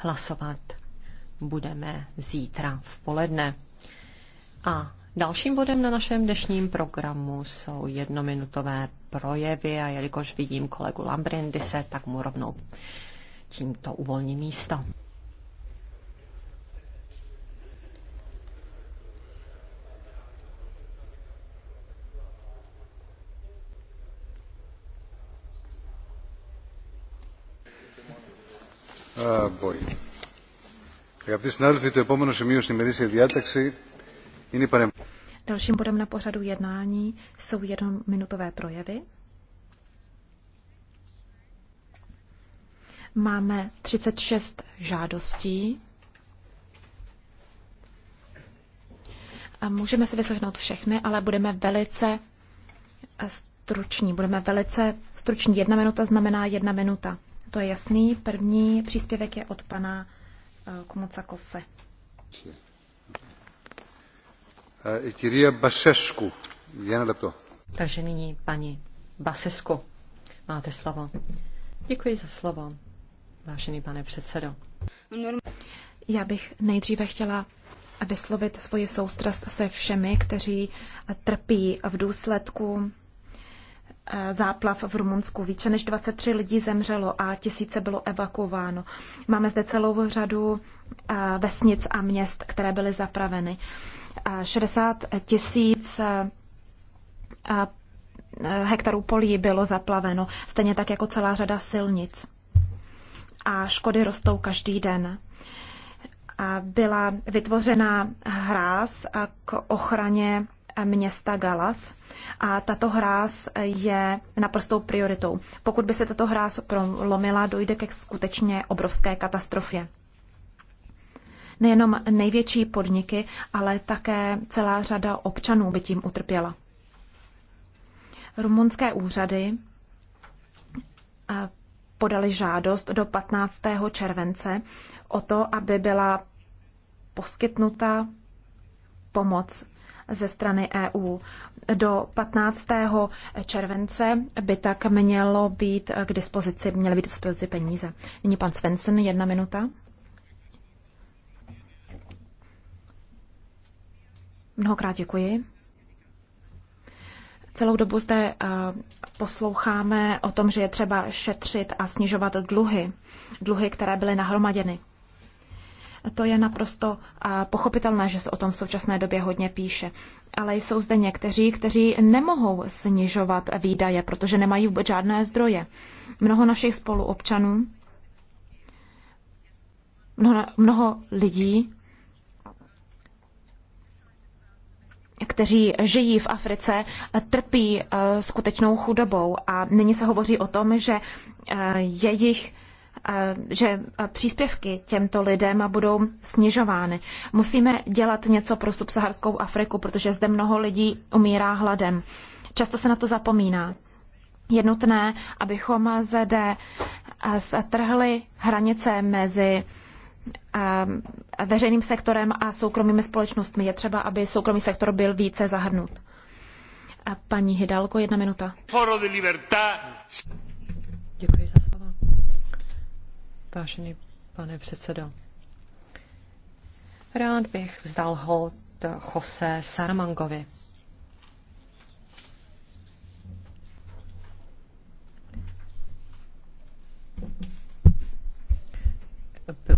Hlasovat budeme zítra v poledne. A dalším bodem na našem dnešním programu jsou jednominutové projevy a jelikož vidím kolegu Lambrindise, tak mu rovnou tímto uvolní místo. Dalším bodem na pořadu jednání jsou jednominutové projevy. Máme 36 žádostí. A můžeme si vyslechnout všechny, ale budeme velice struční. Budeme velice struční. Jedna minuta znamená jedna minuta. To je jasný. První příspěvek je od pana eh, Komuca Kose. Eh, Basesku. Takže nyní paní Basesku, máte slovo. Děkuji za slovo, vážený pane předsedo. Já bych nejdříve chtěla vyslovit svoji soustrast se všemi, kteří trpí v důsledku záplav v Rumunsku. Více než 23 lidí zemřelo a tisíce bylo evakuováno. Máme zde celou řadu eh, vesnic a měst, které byly zapraveny. 60 eh, tisíc eh, hektarů polí bylo zaplaveno, stejně tak jako celá řada silnic. A škody rostou každý den. A byla vytvořena hráz k ochraně města Galas a tato hráz je naprostou prioritou. Pokud by se tato hráz prolomila, dojde ke skutečně obrovské katastrofě. Nejenom největší podniky, ale také celá řada občanů by tím utrpěla. Rumunské úřady eh, podali žádost do 15. července o to, aby byla poskytnuta pomoc ze strany EU. Do 15. července by tak mělo být k dispozici, měly být k dispozici peníze. Nyní pan Svensson, jedna minuta. Mnohokrát děkuji. Celou dobu zde eh, posloucháme o tom, že je třeba šetřit a snižovat dluhy, dluhy, které byly nahromaděny. To je naprosto pochopitelné, že se o tom v současné době hodně píše. Ale jsou zde někteří, kteří nemohou snižovat výdaje, protože nemají vůbec žádné zdroje. Mnoho našich spoluobčanů, mnoho, mnoho lidí, kteří žijí v Africe, trpí e, skutečnou chudobou a nyní se hovoří o tom, že e, jejich že příspěvky těmto lidem budou snižovány. Musíme dělat něco pro subsaharskou Afriku, protože zde mnoho lidí umírá hladem. Často se na to zapomíná. Je nutné, abychom zde strhli hranice mezi veřejným sektorem a soukromými společnostmi. Je třeba, aby soukromý sektor byl více zahrnut. A paní Hidalko, jedna minuta. Děkuji za Vážený pane předsedo, rád bych vzdal hold Jose Sarmangovi.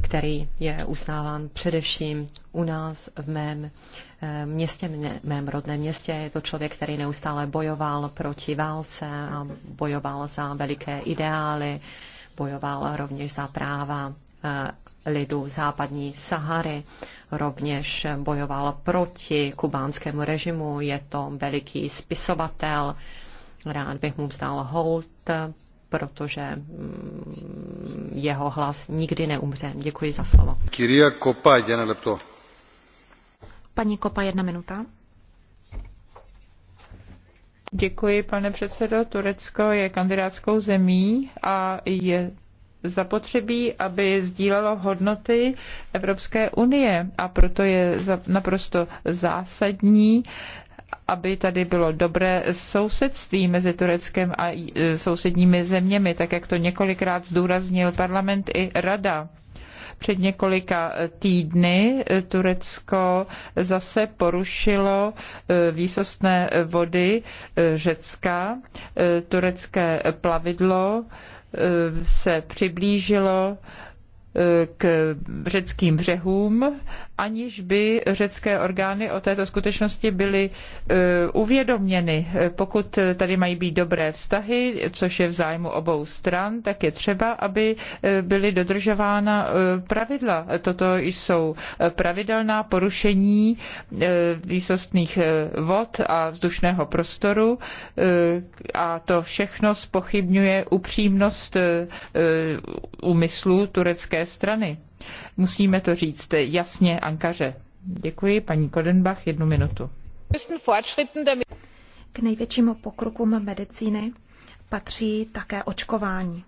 který je uznáván především u nás v mém eh, městě, v mém rodném městě. Je to člověk, který neustále bojoval proti válce a bojoval za veliké ideály, bojoval rovněž za práva eh, lidu západní Sahary, rovněž bojoval proti kubánskému režimu, je to veliký spisovatel, rád bych mu vzdal hold, protože mm, jeho hlas nikdy neumře. Děkuji za slovo. Kyria Kopa, jedna Paní Kopa, jedna minuta. Děkuji, pane předsedo. Turecko je kandidátskou zemí a je zapotřebí, aby sdílelo hodnoty Evropské unie a proto je naprosto zásadní, aby tady bylo dobré sousedství mezi Tureckem a e, sousedními zeměmi, tak jak to několikrát zdůraznil parlament i rada. Před několika eh, týdny eh, Turecko zase porušilo eh, výsostné vody Řecka. Turecké plavidlo se přiblížilo k řeckým břehům, aniž by řecké orgány o této skutečnosti byly e, uvědoměny. Pokud tady mají být dobré vztahy, což je v zájmu obou stran, tak je třeba, aby e, byly dodržována e, pravidla. Toto jsou pravidelná porušení výsostných vod a vzdušného prostoru a to všechno spochybňuje upřímnost úmyslu turecké strany. Musíme to říct jasně Ankaře. Děkuji, paní Kodenbach, jednu minutu. K největším pokrokům medicíny patří také očkování.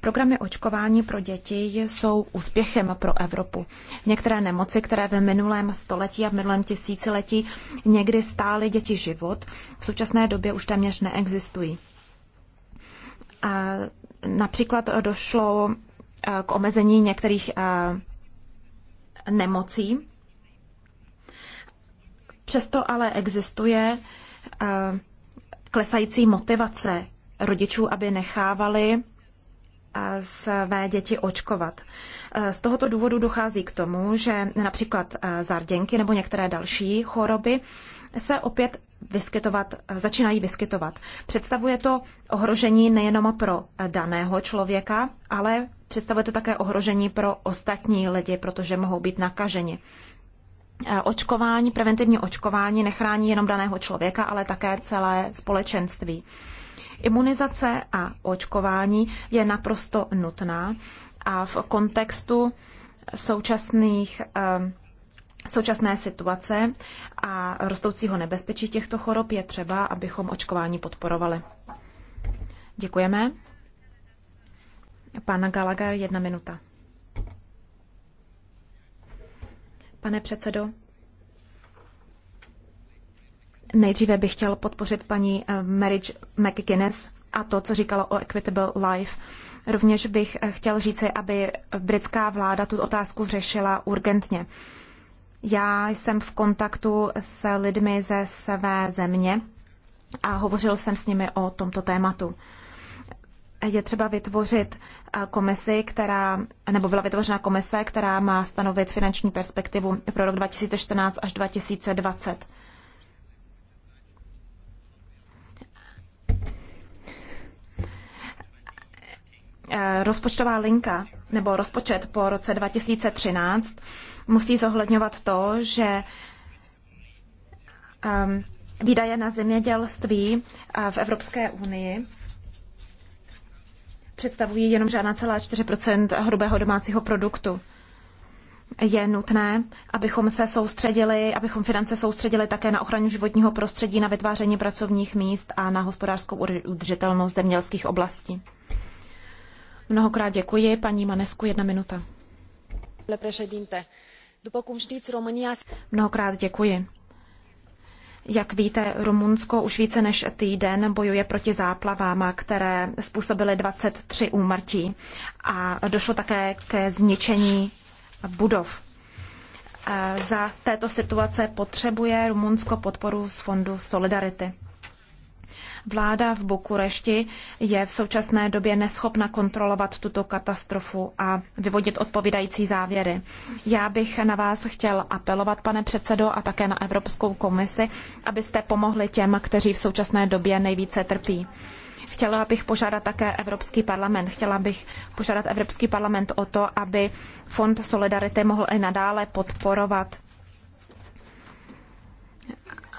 Programy očkování pro děti jsou úspěchem pro Evropu. Některé nemoci, které v minulém století a v minulém tisíciletí někdy stály děti život, v současné době už téměř neexistují. A například došlo Eh, k omezení některých eh, nemocí. Přesto ale existuje eh, klesající motivace rodičů, aby nechávali své děti očkovat. Z tohoto důvodu dochází k tomu, že například zarděnky nebo některé další choroby se opět vyskytovat, začínají vyskytovat. Představuje to ohrožení nejenom pro daného člověka, ale představuje to také ohrožení pro ostatní lidi, protože mohou být nakaženi. E, očkování, preventivní očkování nechrání jenom daného člověka, ale také celé společenství. Imunizace a očkování je naprosto nutná a v kontextu současných eh, současné situace a rostoucího nebezpečí těchto chorob je třeba, abychom očkování podporovali. Děkujeme. Pana Galagar jedna minuta. Pane předsedo, nejdříve bych chtěl podpořit paní eh, Marriage McGuinness a to, co říkala o Equitable Life. Rovněž bych eh, chtěl říci, aby britská vláda tu otázku řešila urgentně. Já jsem v kontaktu s lidmi ze své země a hovořil jsem s nimi o tomto tématu. Je třeba vytvořit eh, komisi, která, nebo byla vytvořena komise, která má stanovit finanční perspektivu pro rok 2014 až 2020. Eh, rozpočtová linka nebo rozpočet po roce 2013 musí zohledňovat to, že um, výdaje na zemědělství uh, v Evropské unii představují jenom žádná celá 4 hrubého domácího produktu. Je nutné, abychom se soustředili, abychom finance soustředili také na ochranu životního prostředí, na vytváření pracovních míst a na hospodářskou udržitelnost zemědělských oblastí. Mnohokrát děkuji. Paní Manesku, jedna minuta. Mnohokrát děkuji. Jak víte, Rumunsko už více než týden bojuje proti záplavám, které způsobily 23 úmrtí a došlo také ke zničení budov. E, za této situace potřebuje Rumunsko podporu z Fondu Solidarity. Vláda v Bukurešti je v současné době neschopna kontrolovat tuto katastrofu a vyvodit odpovídající závěry. Já bych na vás chtěl apelovat, pane předsedo, a také na Evropskou komisi, abyste pomohli těm, kteří v současné době nejvíce trpí. Chtěla bych požádat také Evropský parlament. Chtěla bych požádat Evropský parlament o to, aby Fond Solidarity mohl i nadále podporovat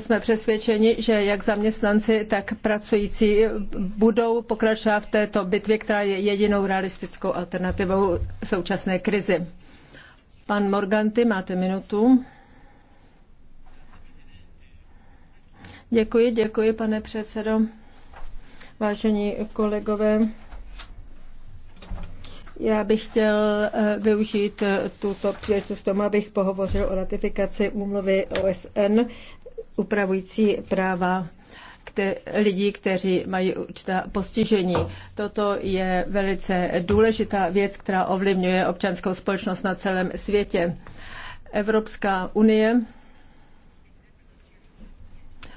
jsme přesvědčeni, že jak zaměstnanci, tak pracující budou pokračovat v této bitvě, která je jedinou realistickou alternativou současné krizi. Pan Morganti, máte minutu. Děkuji, děkuji, pane předsedo. Vážení kolegové, já bych chtěl eh, využít eh, tuto příležitost tomu, abych pohovořil o ratifikaci úmluvy OSN upravující práva kte- lidí, kteří mají určitá postižení. Toto je velice důležitá věc, která ovlivňuje občanskou společnost na celém světě. Evropská unie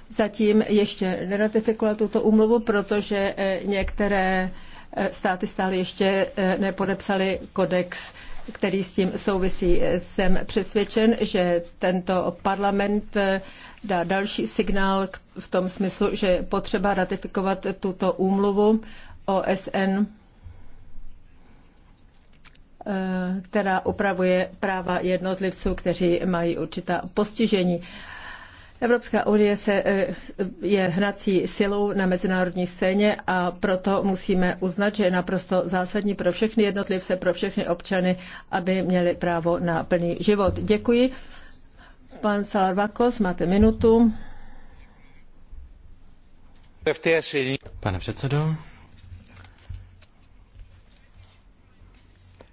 zatím ještě neratifikovala tuto úmluvu, protože eh, některé eh, státy stále ještě eh, nepodepsaly kodex který s tím souvisí. Jsem přesvědčen, že tento parlament eh, dá další signál v tom smyslu, že je potřeba ratifikovat tuto úmluvu OSN, eh, která upravuje práva jednotlivců, kteří mají určitá postižení. Evropská unie se, eh, je hnací silou na mezinárodní scéně a proto musíme uznat, že je naprosto zásadní pro všechny jednotlivce, pro všechny občany, aby měli právo na plný život. Děkuji. Pan Salarvakos, máte minutu. Pane předsedo,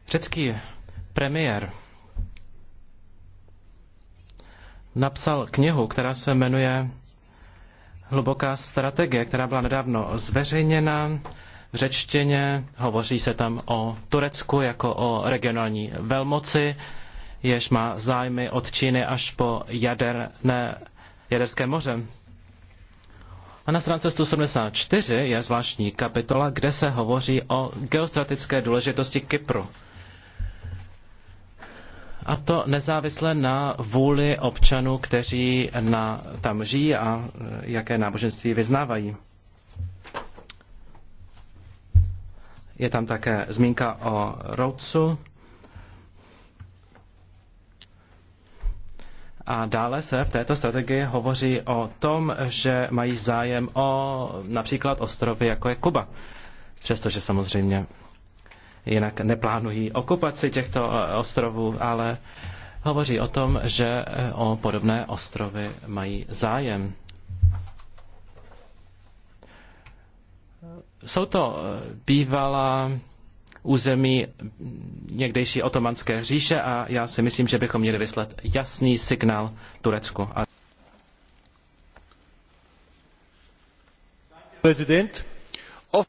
řecký premiér napsal knihu, která se jmenuje Hluboká strategie, která byla nedávno zveřejněna v řečtině. Hovoří se tam o Turecku jako o regionální velmoci, jež má zájmy od Číny až po jaderné, jaderské moře. A na stránce 174 je zvláštní kapitola, kde se hovoří o geostratické důležitosti Kypru. A to nezávisle na vůli občanů, kteří na, tam žijí a e, jaké náboženství vyznávají. Je tam také zmínka o rodu. A dále se v této strategii hovoří o tom, že mají zájem o například ostrovy, jako je Kuba. Přestože samozřejmě jinak neplánují okupaci těchto eh, ostrovů, ale hovoří o tom, že eh, o podobné ostrovy mají zájem. Jsou to eh, bývalá území někdejší otomanské říše a já si myslím, že bychom měli vyslat jasný signál Turecku.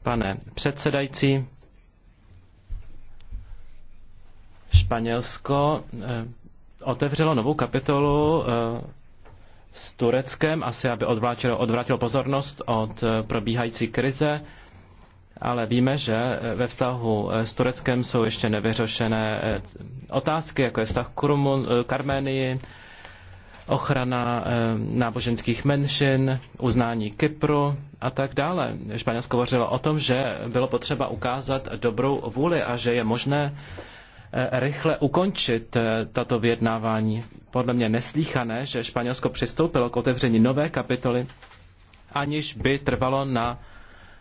Pane předsedající, Španělsko eh, otevřelo novou kapitolu eh, s Tureckem, asi aby odvlátilo, odvrátilo pozornost od eh, probíhající krize, ale víme, že ve vztahu s Tureckem jsou ještě nevyřešené otázky, jako je vztah k, Rumun, Arménii, ochrana náboženských menšin, uznání Kypru a tak dále. Španělsko hovořilo o tom, že bylo potřeba ukázat dobrou vůli a že je možné Eh, rychle ukončit eh, tato vyjednávání. Podle mě neslíchané, že Španělsko přistoupilo k otevření nové kapitoly, aniž by trvalo na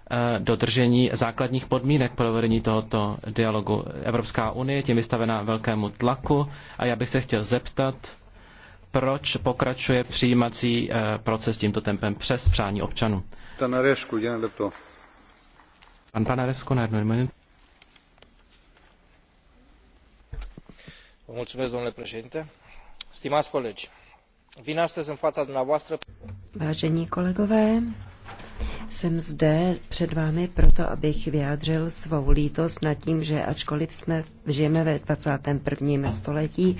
eh, dodržení základních podmínek pro vedení tohoto dialogu. Evropská unie je tím vystavená velkému tlaku a já bych se chtěl zeptat, proč pokračuje přijímací proces tímto tempem přes přání občanů. jen lepto. Pan Panaresku, na jednu minutu. vin astăzi în fața dumneavoastră. Vážení kolegové, jsem zde před vámi proto, abych vyjádřil svou lítost nad tím, že ačkoliv jsme žijeme ve 21. století,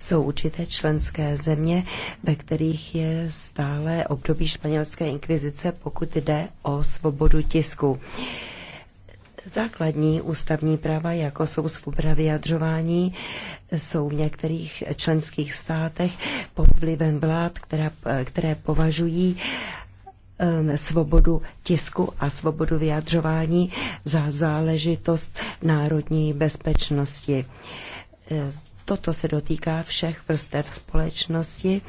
jsou určité členské země, ve kterých je stále období španělské inkvizice, pokud jde o svobodu tisku. Uh, Základní ústavní práva, jako jsou svoboda vyjadřování, jsou v některých členských státech pod vlivem vlád, která, které považují um, svobodu tisku a svobodu vyjadřování za záležitost národní bezpečnosti. Toto se dotýká všech vrstev společnosti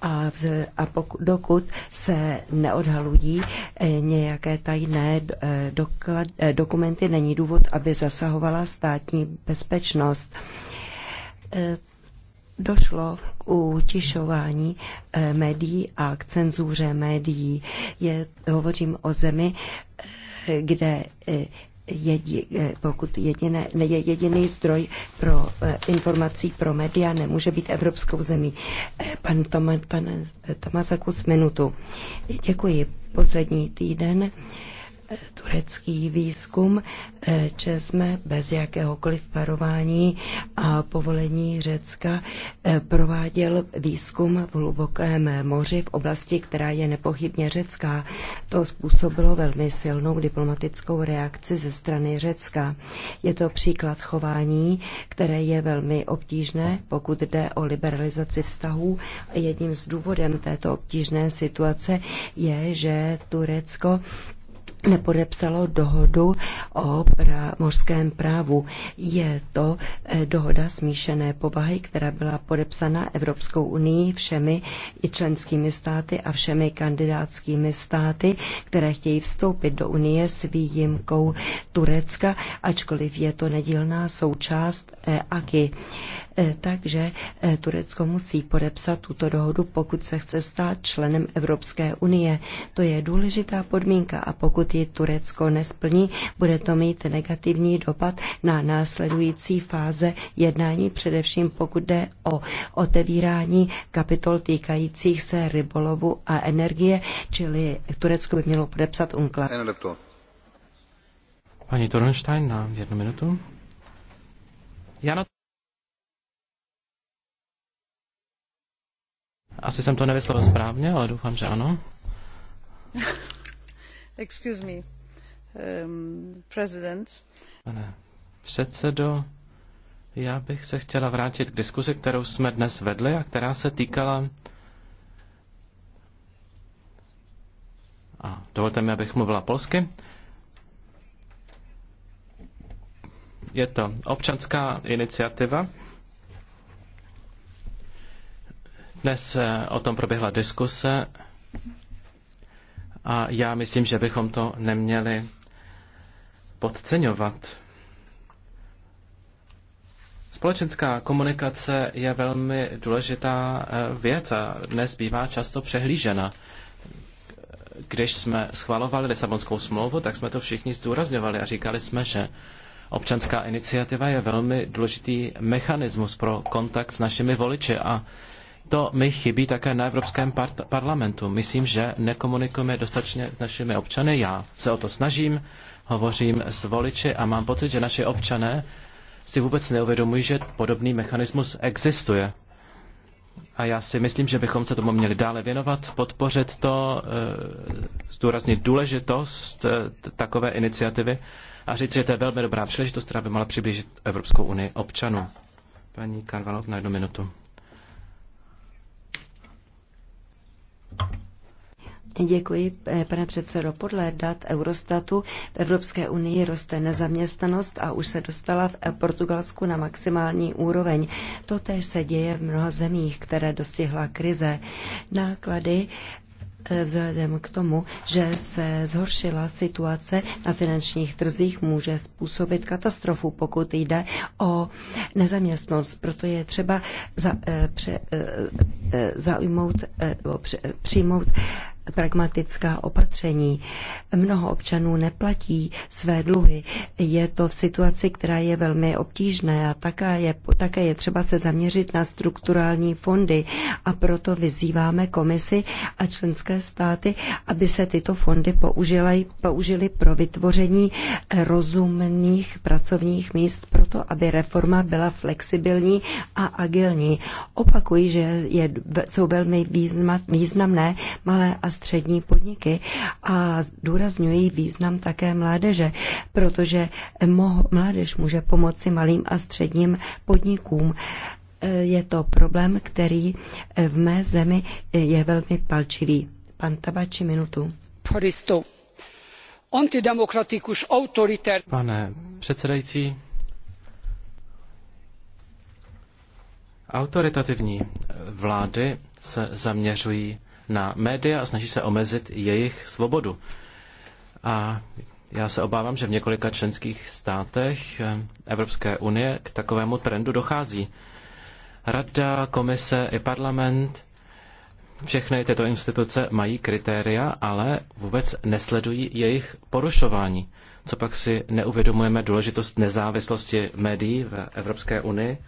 a, vz, a dokud se neodhalují eh, nějaké tajné eh, doklad, eh, dokumenty, není důvod, aby zasahovala státní bezpečnost. Došlo k utišování médií a k cenzuře médií. Je, hovořím o zemi, kde jedi, eh, pokud jediné, ne, jediný zdroj pro eh, informací pro média nemůže být evropskou zemí. Eh, pan, Tomasakus, minutu. Děkuji. Poslední týden turecký výzkum, že eh, jsme bez jakéhokoliv parování a povolení Řecka eh, prováděl výzkum v hlubokém moři v oblasti, která je nepochybně řecká. To způsobilo velmi silnou diplomatickou reakci ze strany Řecka. Je to příklad chování, které je velmi obtížné, pokud jde o liberalizaci vztahů. Jedním z důvodem této obtížné situace je, že Turecko nepodepsalo dohodu o pra- mořském právu. Je to eh, dohoda smíšené povahy, která byla podepsána Evropskou unii všemi i členskými státy a všemi kandidátskými státy, které chtějí vstoupit do unie s výjimkou Turecka, ačkoliv je to nedílná součást eh, AKI. Eh, takže Turecko musí podepsat tuto dohodu, pokud se chce stát členem Evropské unie. To je důležitá podmínka a pokud pokud ji Turecko nesplní, bude to mít negativní dopad na následující fáze jednání, především pokud jde o otevírání kapitol týkajících se rybolovu a energie, čili Turecko by mělo podepsat UNCLAD. Pani Tornstein na jednu minutu. Já na Asi jsem to nevyslovil správně, ale doufám, že ano. Um, Pane předsedo, já bych se chtěla vrátit k diskuzi, kterou jsme dnes vedli a která se týkala a dovolte mi, abych mluvila polsky. Je to občanská iniciativa. Dnes eh, o tom proběhla diskuse a já myslím, že bychom to neměli podceňovat. Společenská komunikace je velmi důležitá eh, věc a dnes bývá často přehlížena. Když jsme schvalovali Lisabonskou smlouvu, tak jsme to všichni zdůrazňovali a říkali jsme, že občanská iniciativa je velmi důležitý mechanismus pro kontakt s našimi voliči a to mi chybí také na Evropském par- parlamentu. Myslím, že nekomunikujeme dostatečně s našimi občany. Já se o to snažím, hovořím s voliči a mám pocit, že naši občané si vůbec neuvědomují, že podobný mechanismus existuje. A já si myslím, že bychom se tomu měli dále věnovat, podpořit to, eh, zdůraznit důležitost eh, takové iniciativy a říct, že to je velmi dobrá příležitost, která by mohla přiblížit Evropskou unii občanům. Paní Karvalov na jednu minutu. Děkuji, eh, pane předsedo. Podle dat Eurostatu v Evropské unii roste nezaměstnanost a už se dostala v Portugalsku na maximální úroveň. Totež se děje v mnoha zemích, které dostihla krize. Náklady Eh, vzhledem k tomu, že se zhoršila situace na finančních trzích, může způsobit katastrofu, pokud jde o nezaměstnost. Proto je třeba za, eh, pře, eh, zaujmout, přijmout pragmatická opatření. Mnoho občanů neplatí své dluhy. Je to v situaci, která je velmi obtížná a také je, také je třeba se zaměřit na strukturální fondy a proto vyzýváme komisi a členské státy, aby se tyto fondy použily, použili pro vytvoření rozumných pracovních míst, proto aby reforma byla flexibilní a agilní. Opakuji, že je, jsou velmi významné malé a střední podniky a zdůrazňují význam také mládeže, protože mládež může pomoci malým a středním podnikům je to problém, který v mé zemi je velmi palčivý. Pan Tabači, minutu. Pane předsedající, autoritativní vlády se zaměřují na média a snaží se omezit jejich svobodu. A já se obávám, že v několika členských státech eh, Evropské unie k takovému trendu dochází. Rada, komise i parlament, všechny tyto instituce mají kritéria, ale vůbec nesledují jejich porušování. Co pak si neuvědomujeme důležitost nezávislosti médií v Evropské unii?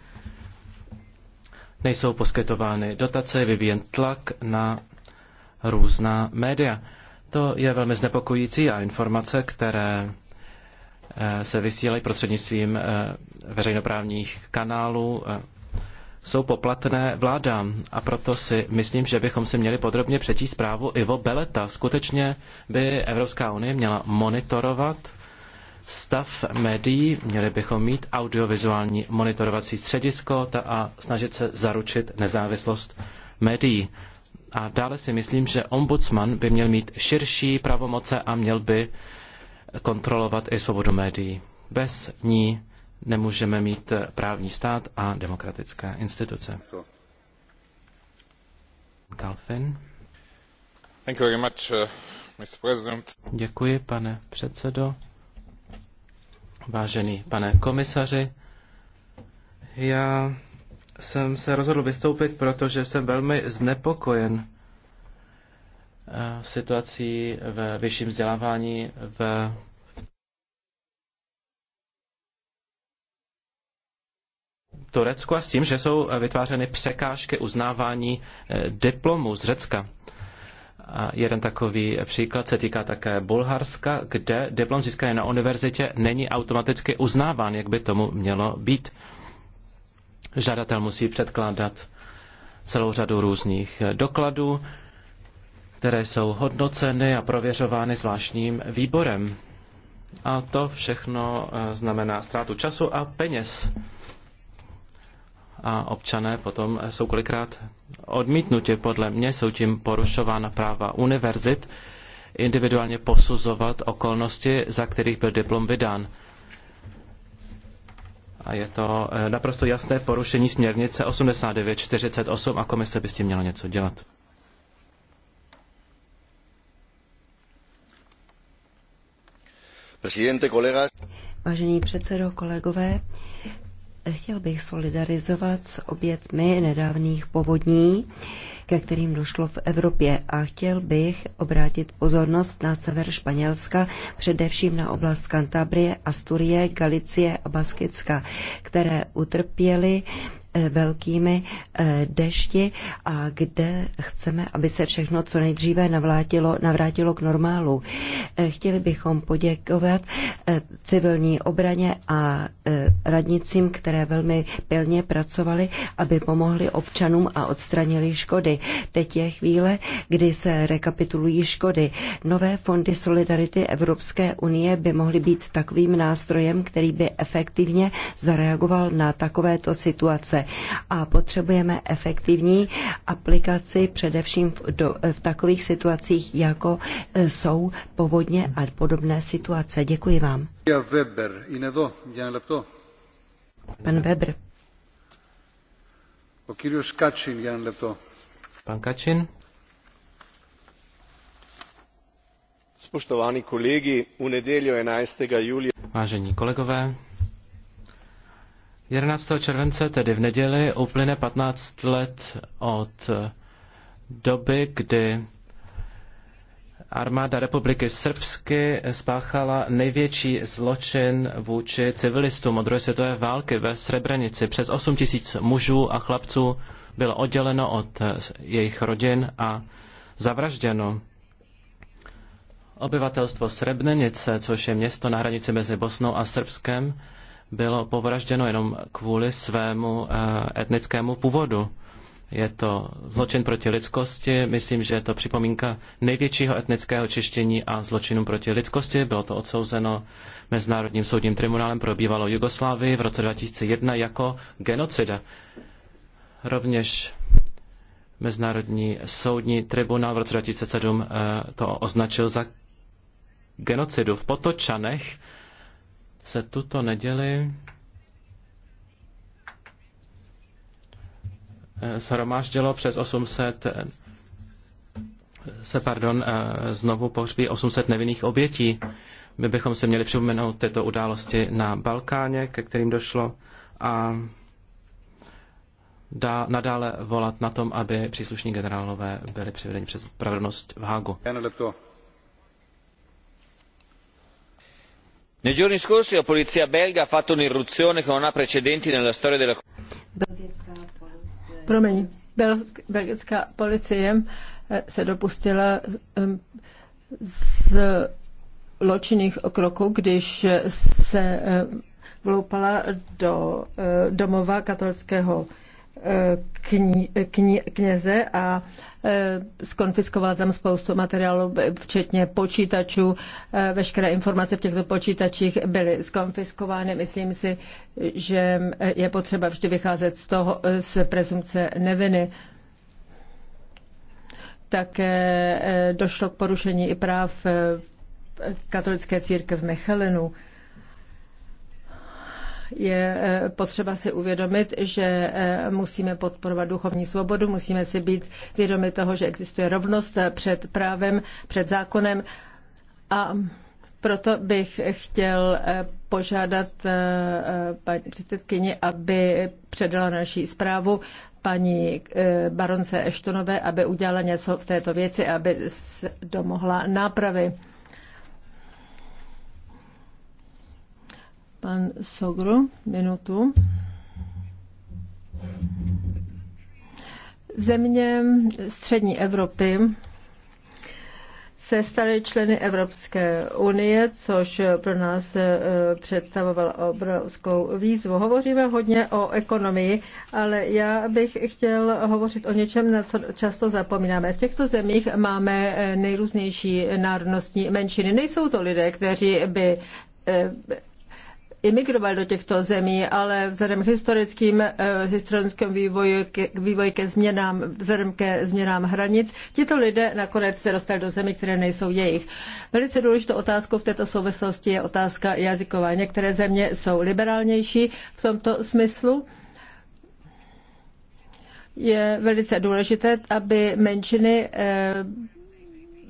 Nejsou poskytovány dotace, vyvíjen tlak na různá média. To je velmi znepokojící a informace, které eh, se vysílají prostřednictvím eh, veřejnoprávních kanálů, eh, jsou poplatné vládám a proto si myslím, že bychom si měli podrobně přečíst zprávu Ivo Beleta. Skutečně by Evropská unie měla monitorovat stav médií, měli bychom mít audiovizuální monitorovací středisko a snažit se zaručit nezávislost médií. A dále si myslím, že ombudsman by měl mít širší pravomoce a měl by kontrolovat i svobodu médií. Bez ní nemůžeme mít právní stát a demokratické instituce. Kalfin. Thank you very much, uh, Mr. President. Děkuji, pane předsedo. Vážený pane komisaři, já jsem se rozhodl vystoupit, protože jsem velmi znepokojen eh, situací ve vyšším vzdělávání v Turecku a s tím, že jsou vytvářeny překážky uznávání eh, diplomů z Řecka. A jeden takový příklad se týká také Bulharska, kde diplom získaný na univerzitě není automaticky uznáván, jak by tomu mělo být žadatel musí předkládat celou řadu různých dokladů, které jsou hodnoceny a prověřovány zvláštním výborem. A to všechno eh, znamená ztrátu času a peněz. A občané potom jsou kolikrát odmítnutě, podle mě jsou tím porušována práva univerzit individuálně posuzovat okolnosti, za kterých byl diplom vydán. A je to eh, naprosto jasné porušení směrnice 8948 a komise by s tím měla něco dělat. Presidente, kolegas. Vážený předsedo, kolegové, chtěl bych solidarizovat s obětmi nedávných povodní ke kterým došlo v Evropě a chtěl bych obrátit pozornost na sever Španělska, především na oblast Kantabrie, Asturie, Galicie a Baskicka, které utrpěly eh, velkými eh, dešti a kde chceme, aby se všechno co nejdříve navlátilo, navrátilo k normálu. Eh, chtěli bychom poděkovat civilní obraně a radnicím, které velmi pilně pracovali, aby pomohli občanům a odstranili škody. Teď je chvíle, kdy se rekapitulují škody. Nové fondy Solidarity Evropské unie by mohly být takovým nástrojem, který by efektivně zareagoval na takovéto situace. A potřebujeme efektivní aplikaci především v, do, v takových situacích, jako e, jsou povodně a podobné situace. Děkuji vám. Weber, Pan Weber. O Kačin, jen lepto. Pan Kačin. Spoštovani kolegi, v neděli 11. julija. Vážení kolegové, 11. července, tedy v neděli, uplyne 15 let od doby, kdy armáda republiky Srbsky spáchala největší zločin vůči civilistům od druhé světové války ve Srebrenici. Přes 8 tisíc mužů a chlapců bylo odděleno od eh, jejich rodin a zavražděno. Obyvatelstvo Srebrenice, což je město na hranici mezi Bosnou a Srbskem, bylo povražděno jenom kvůli svému eh, etnickému původu. Je to zločin proti lidskosti, myslím, že je to připomínka největšího etnického čištění a zločinu proti lidskosti. Bylo to odsouzeno Mezinárodním soudním tribunálem pro bývalou Jugoslávii v roce 2001 jako genocida. Rovněž Mezinárodní soudní tribunál v roce 2007 eh, to označil za genocidu. V Potočanech se tuto neděli eh, shromáždilo přes 800 eh, se, pardon, znovu pohřbí 800 nevinných obětí. My bychom si měli připomenout tyto události na Balkáně, ke kterým došlo a dá, nadále volat na tom, aby příslušní generálové byli přivedeni před spravedlnost v Hágu. Nei giorni scorsi la polizia belga ha fatto un'irruzione che non ha precedenti nella storia della Promiň, belgická policie eh, se dopustila eh, z ločinných kroků, když se eh, vloupala do domova katolického kní, kní, kněze a e, skonfiskovala tam spoustu materiálu, včetně počítačů. E, veškeré informace v těchto počítačích byly skonfiskovány. Myslím si, že e, je potřeba vždy vycházet z toho, z prezumce neviny. Také došlo k porušení i práv katolické církev Mechelenu je eh, potřeba si uvědomit, že eh, musíme podporovat duchovní svobodu, musíme si být vědomi toho, že existuje rovnost eh, před právem, před zákonem a proto bych chtěl požádat paní předsedkyni, aby předala naší zprávu paní baronce Eštonové, aby udělala něco v této věci, aby domohla nápravy. Pan Sogru, minutu. Země střední Evropy se staly členy Evropské unie, což pro nás eh, představovalo obrovskou výzvu. Hovoříme hodně o ekonomii, ale já bych chtěl hovořit o něčem, na co často zapomínáme. V těchto zemích máme eh, nejrůznější národnostní menšiny. Nejsou to lidé, kteří by eh, imigrovali do těchto zemí, ale vzhledem k historickým, eh, historickým vývoji, k vývoji ke změnám, vzhledem ke změnám hranic, tito lidé nakonec se dostali do zemí, které nejsou jejich. Velice důležitou otázkou v této souvislosti je otázka jazyková. Některé země jsou liberálnější v tomto smyslu je velice důležité, aby menšiny eh,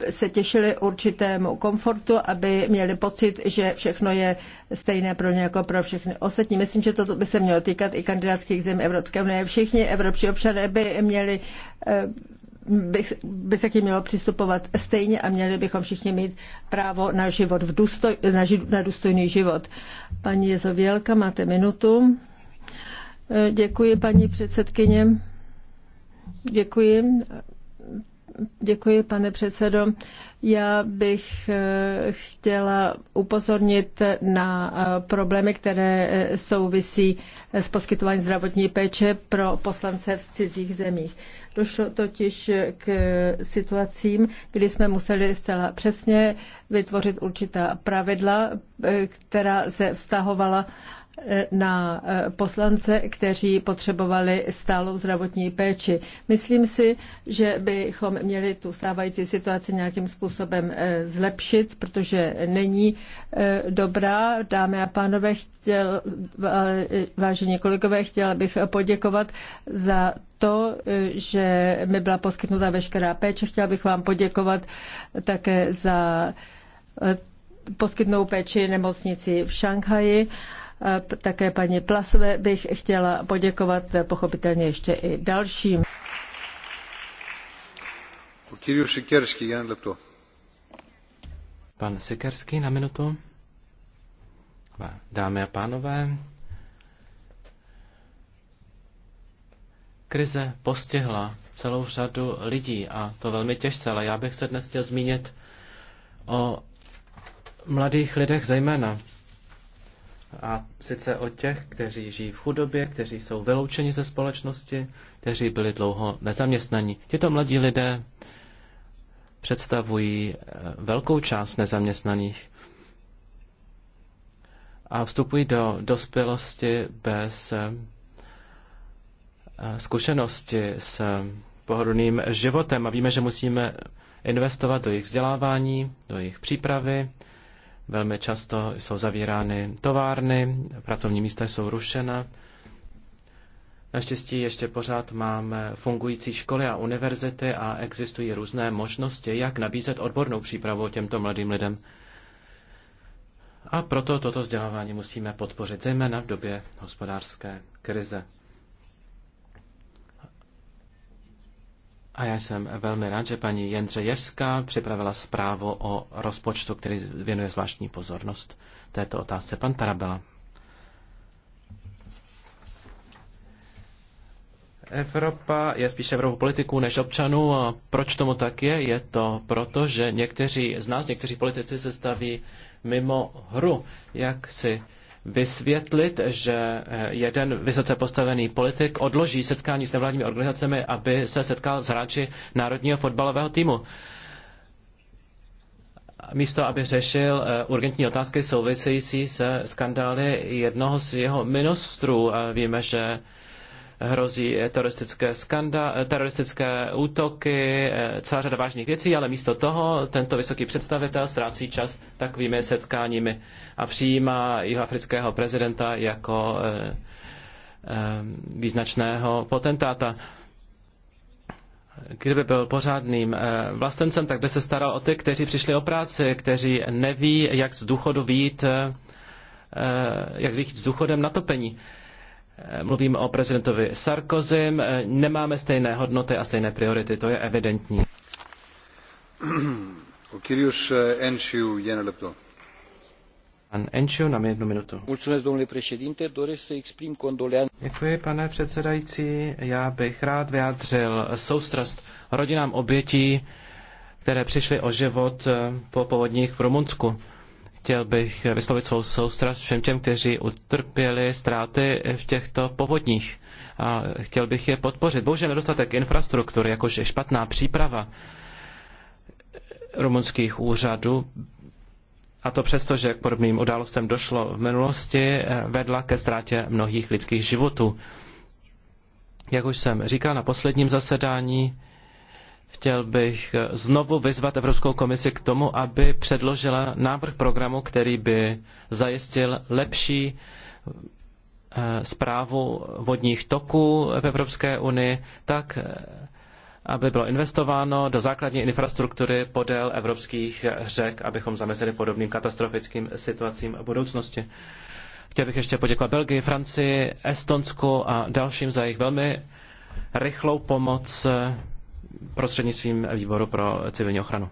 se těšili určitému komfortu, aby měli pocit, že všechno je stejné pro ně jako pro všechny ostatní. Myslím, že to by se mělo týkat i kandidátských zemí Evropské unie. Všichni evropští občané by měli eh, by, by se k mělo přistupovat stejně a měli bychom všichni mít právo na život, v důstoj, na, ži, na důstojný život. Paní Jezovělka, máte minutu. Eh, děkuji, paní předsedkyně. Děkuji. Děkuji, pane předsedo. Já bych eh, chtěla upozornit na eh, problémy, které eh, souvisí s poskytováním zdravotní péče pro poslance v cizích zemích. Došlo totiž k situacím, kdy jsme museli zcela přesně vytvořit určitá pravidla, která se vztahovala na eh, poslance, kteří potřebovali stálou zdravotní péči. Myslím si, že bychom měli tu stávající situaci nějakým způsobem eh, zlepšit, protože není eh, dobrá. Dámy a pánové, chtěl, vážení kolegové, chtěla bych poděkovat za to, že mi byla poskytnuta veškerá péče. Chtěla bych vám poděkovat také za poskytnou péči nemocnici v Šanghaji. Také paní Plasové bych chtěla poděkovat eh, pochopitelně ještě i dalším. Pan Sikerský na minutu. Dámy a pánové, krize postihla celou řadu lidí a to velmi těžce, ale já bych se dnes chtěl zmínit o mladých lidech zejména a sice o těch, kteří žijí v chudobě, kteří jsou vyloučeni ze společnosti, kteří byli dlouho nezaměstnaní. Tito mladí lidé představují eh, velkou část nezaměstnaných a vstupují do dospělosti bez eh, zkušenosti s pohodlným životem a víme, že musíme investovat do jejich vzdělávání, do jejich přípravy, Velmi často jsou zavírány továrny, pracovní místa jsou rušena. Naštěstí ještě pořád máme fungující školy a univerzity a existují různé možnosti, jak nabízet odbornou přípravu těmto mladým lidem. A proto toto vzdělávání musíme podpořit, zejména v době hospodářské krize. A já jsem velmi rád, že paní Jendřejevská připravila zprávu o rozpočtu, který věnuje zvláštní pozornost této otázce. Pan Tarabela. Evropa je spíše Evropou politiků než občanů. A proč tomu tak je? Je to proto, že někteří z nás, někteří politici se staví mimo hru. Jak si vysvětlit, že eh, jeden vysoce postavený politik odloží setkání s nevládními organizacemi, aby se setkal s hráči národního fotbalového týmu. Místo, aby řešil eh, urgentní otázky související se skandály jednoho z jeho ministrů. Eh, víme, že hrozí teroristické, skanda, teroristické útoky, eh, celá řada vážných věcí, ale místo toho tento vysoký představitel ztrácí čas takovými setkáními a přijímá jihoafrického prezidenta jako eh, eh, význačného potentáta. Kdyby byl pořádným vlastencem, tak by se staral o ty, kteří přišli o práci, kteří neví, jak z důchodu výjít, jak výjít s důchodem na topení. Eh, Mluvíme o prezidentovi Sarkozym. Eh, nemáme stejné hodnoty a stejné priority, to je evidentní. Eh, Pan Enciu, nám jednu minutu. Děkuji, pane předsedající. Já bych rád vyjádřil soustrast rodinám obětí, které přišly o život po povodních v Rumunsku. Chtěl bych vyslovit svou soustrast všem těm, kteří utrpěli ztráty v těchto povodních. A chtěl bych je podpořit. Bohužel nedostatek infrastruktury, jakož špatná příprava rumunských úřadů, a to přesto, že k podobným událostem došlo v minulosti, vedla ke ztrátě mnohých lidských životů. Jak už jsem říkal na posledním zasedání, Chtěl bych znovu vyzvat Evropskou komisi k tomu, aby předložila návrh programu, který by zajistil lepší zprávu eh, vodních toků v Evropské unii, tak eh, aby bylo investováno do základní infrastruktury podél evropských řek, abychom zamezili podobným katastrofickým situacím v budoucnosti. Chtěl bych ještě poděkovat Belgii, Francii, Estonsku a dalším za jejich velmi rychlou pomoc eh, prostřednictvím výboru pro civilní ochranu.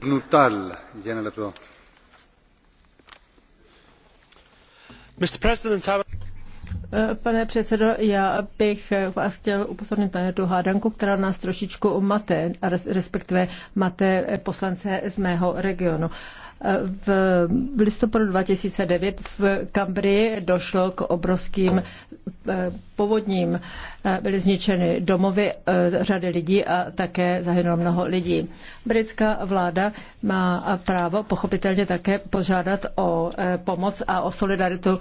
Pane předsedo, já bych vás chtěl upozornit na tu hádanku, která nás trošičku mate, respektive mate poslance z mého regionu. V listopadu 2009 v Kambrii došlo k obrovským eh, povodním. Eh, byly zničeny domovy eh, řady lidí a také zahynulo mnoho lidí. Britská vláda má právo pochopitelně také požádat o pomoc a o solidaritu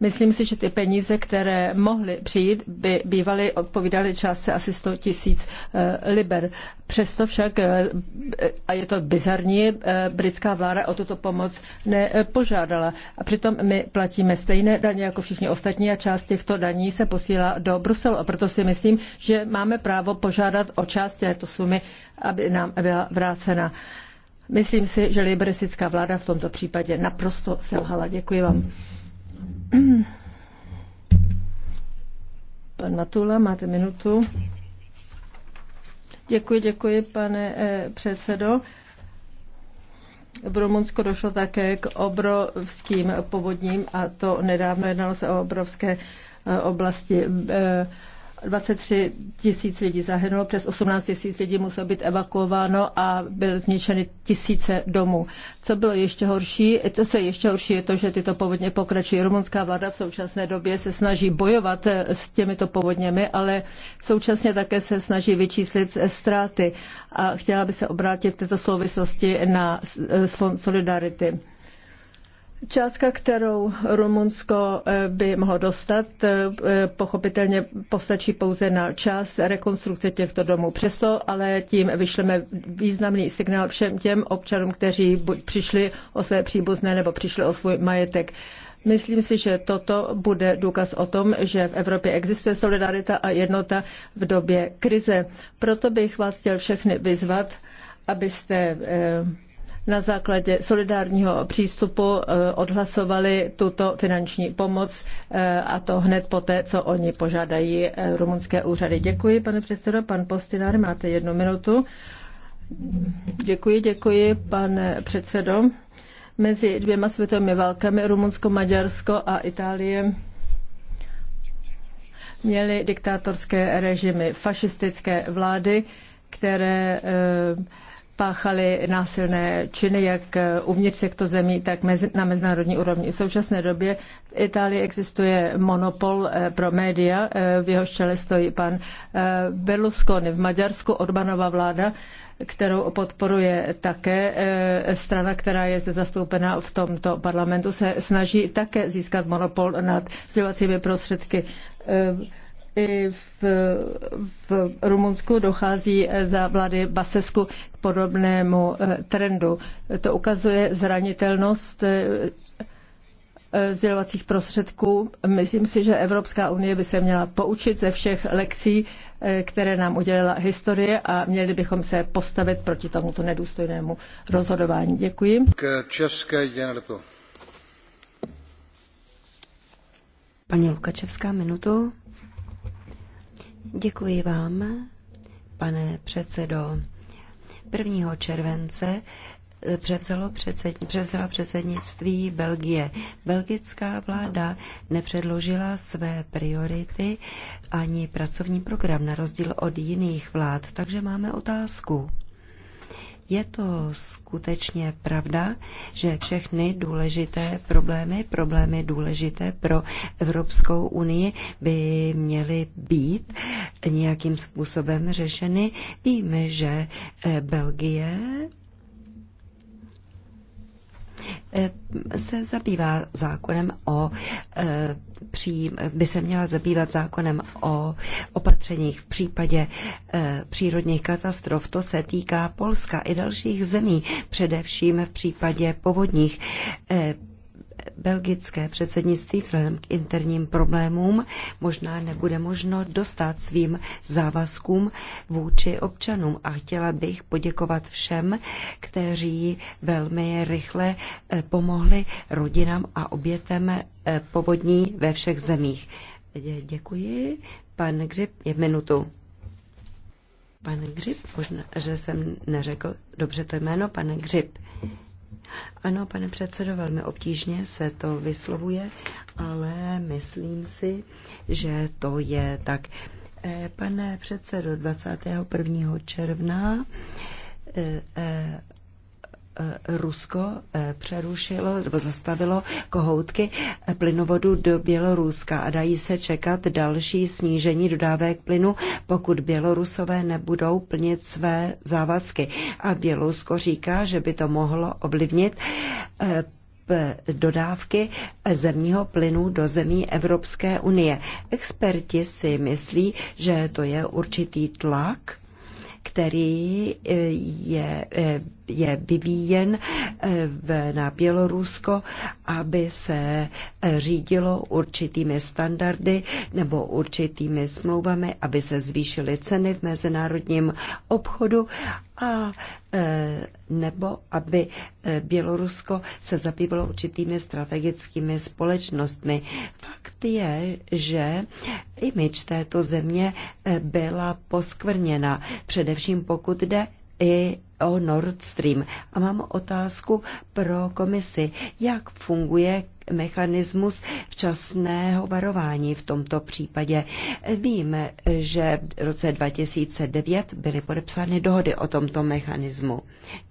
Myslím si, že ty peníze, které mohly přijít, by bývaly odpovídaly částce asi 100 tisíc eh, liber. Přesto však, eh, a je to bizarní, eh, britská vláda o tuto pomoc nepožádala. A přitom my platíme stejné daně jako všichni ostatní a část těchto daní se posílá do Bruselu. A proto si myslím, že máme právo požádat o část této sumy, aby nám byla vrácena. Myslím si, že liberistická vláda v tomto případě naprosto selhala. Děkuji vám. Pan Matula, máte minutu. Děkuji, děkuji, pane eh, předsedo. V Rumunsku došlo také k obrovským povodním a to nedávno jednalo se o obrovské eh, oblasti. Eh, 23 tisíc lidí zahynulo, přes 18 tisíc lidí muselo být evakuováno a byl zničeny tisíce domů. Co bylo ještě horší, to, co je ještě horší, je to, že tyto povodně pokračují. Rumunská vláda v současné době se snaží bojovat eh, s těmito povodněmi, ale současně také se snaží vyčíslit eh, ztráty. A chtěla by se obrátit v této souvislosti na eh, Fond Solidarity. Částka, kterou Rumunsko eh, by mohlo dostat, eh, eh, pochopitelně postačí pouze na část rekonstrukce těchto domů. Přesto ale tím vyšleme významný signál všem těm občanům, kteří buď přišli o své příbuzné nebo přišli o svůj majetek. Myslím si, že toto bude důkaz o tom, že v Evropě existuje solidarita a jednota v době krize. Proto bych vás chtěl všechny vyzvat, abyste eh, na základě solidárního přístupu eh, odhlasovali tuto finanční pomoc eh, a to hned poté, co oni požádají eh, rumunské úřady. Děkuji, pane předsedo. Pan Postinár, máte jednu minutu. Děkuji, děkuji, pane předsedo. Mezi dvěma světovými válkami Rumunsko, Maďarsko a Itálie měli diktátorské režimy, fašistické vlády, které eh, páchali násilné činy jak eh, uvnitř těchto zemí, tak na mezinárodní úrovni. V současné době v Itálii existuje monopol eh, pro média, eh, v jeho čele stojí pan Berlusconi. V Maďarsku Orbanova vláda kterou podporuje také strana, která je zde zastoupena v tomto parlamentu, se snaží také získat monopol nad sdělovacími prostředky i v, v Rumunsku dochází eh, za vlády Basesku k podobnému eh, trendu. To ukazuje zranitelnost eh, sdělovacích prostředků. Myslím si, že Evropská unie by se měla poučit ze všech lekcí, které nám udělala historie a měli bychom se postavit proti tomuto nedůstojnému rozhodování. Děkuji. K České Paní Lukačevská, minutu. Děkuji vám, pane předsedo. 1. července eh, převzalo předsed, převzala předsednictví Belgie. Belgická vláda nepředložila své priority ani pracovní program na rozdíl od jiných vlád, takže máme otázku. Je to skutečně pravda, že všechny důležité problémy, problémy důležité pro Evropskou unii by měly být nějakým způsobem řešeny. Víme, že eh, Belgie Eh, se zabývá zákonem o eh, by se měla zabývat zákonem o opatřeních v případě eh, přírodních katastrof. To se týká Polska i dalších zemí, především v případě povodních belgické předsednictví vzhledem k interním problémům možná nebude možno dostat svým závazkům vůči občanům. A chtěla bych poděkovat všem, kteří velmi rychle eh, pomohli rodinám a obětem eh, povodní ve všech zemích. Děkuji. Pan Gřib je minutu. Pane Gřib, možná, že jsem neřekl dobře to jméno, pane Gřib. Ano, pane předsedo, velmi obtížně se to vyslovuje, ale myslím si, že to je tak. Eh, pane předsedo, 21. června eh, eh, Eh, Rusko eh, přerušilo nebo zastavilo kohoutky eh, plynovodu do Běloruska a dají se čekat další snížení dodávek plynu, pokud Bělorusové nebudou plnit své závazky. A Bělorusko říká, že by to mohlo ovlivnit dodávky zemního plynu do zemí Evropské unie. Experti si myslí, že to je určitý tlak který eh, je, eh, je vyvíjen eh, v, na Bělorusko, aby se řídilo určitými standardy nebo určitými smlouvami, aby se zvýšily ceny v mezinárodním obchodu a e, nebo aby e, Bělorusko se zabývalo určitými strategickými společnostmi. Fakt je, že imič této země e, byla poskvrněna, především pokud jde i o Nord Stream. A mám otázku pro komisi. Jak funguje mechanismus včasného varování v tomto případě. Víme, že v roce 2009 byly podepsány dohody o tomto mechanismu.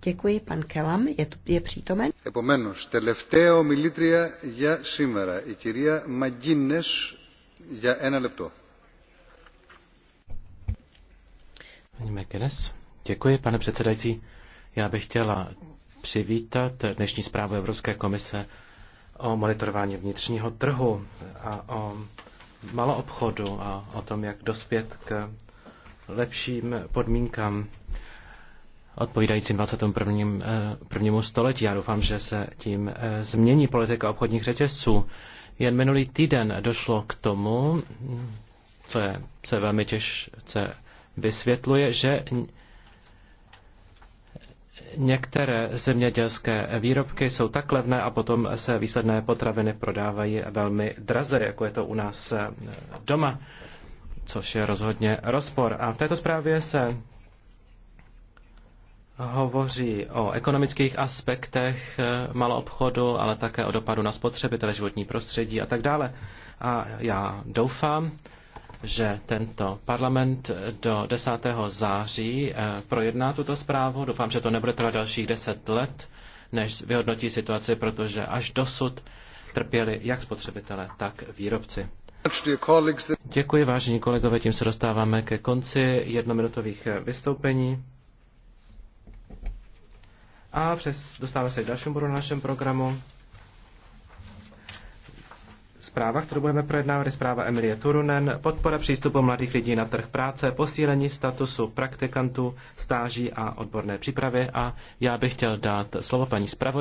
Děkuji, pan Kelam, je, tu, je přítomen. Επομένως, Militria ομιλήτρια για i η κυρία Μαγκίνες για ena λεπτό. Paní McGuinness. Děkuji, pane předsedající. Já bych chtěla přivítat dnešní zprávu Evropské komise o monitorování vnitřního trhu a o maloobchodu a o tom, jak dospět k lepším podmínkám odpovídajícím 21. Eh, prvnímu století. Já doufám, že se tím eh, změní politika obchodních řetězců. Jen minulý týden došlo k tomu, co je, se velmi těžce vysvětluje, že některé zemědělské výrobky jsou tak levné a potom se výsledné potraviny prodávají velmi draze, jako je to u nás eh, doma, což je rozhodně rozpor. A v této zprávě se hovoří o ekonomických aspektech eh, maloobchodu, ale také o dopadu na spotřebitele, životní prostředí a tak dále. A já doufám, že tento parlament do 10. září eh, projedná tuto zprávu. Doufám, že to nebude trvat dalších deset let, než vyhodnotí situaci, protože až dosud trpěli jak spotřebitelé, tak výrobci. Děkuji, vážení kolegové, tím se dostáváme ke konci jednominutových eh, vystoupení. A přes, dostáváme se k dalšímu bodu na našem programu. Zpráva, kterou budeme projednávat, je zpráva Emilie Turunen, podpora přístupu mladých lidí na trh práce, posílení statusu praktikantů, stáží a odborné přípravy. A já bych chtěl dát slovo paní zpravodajce.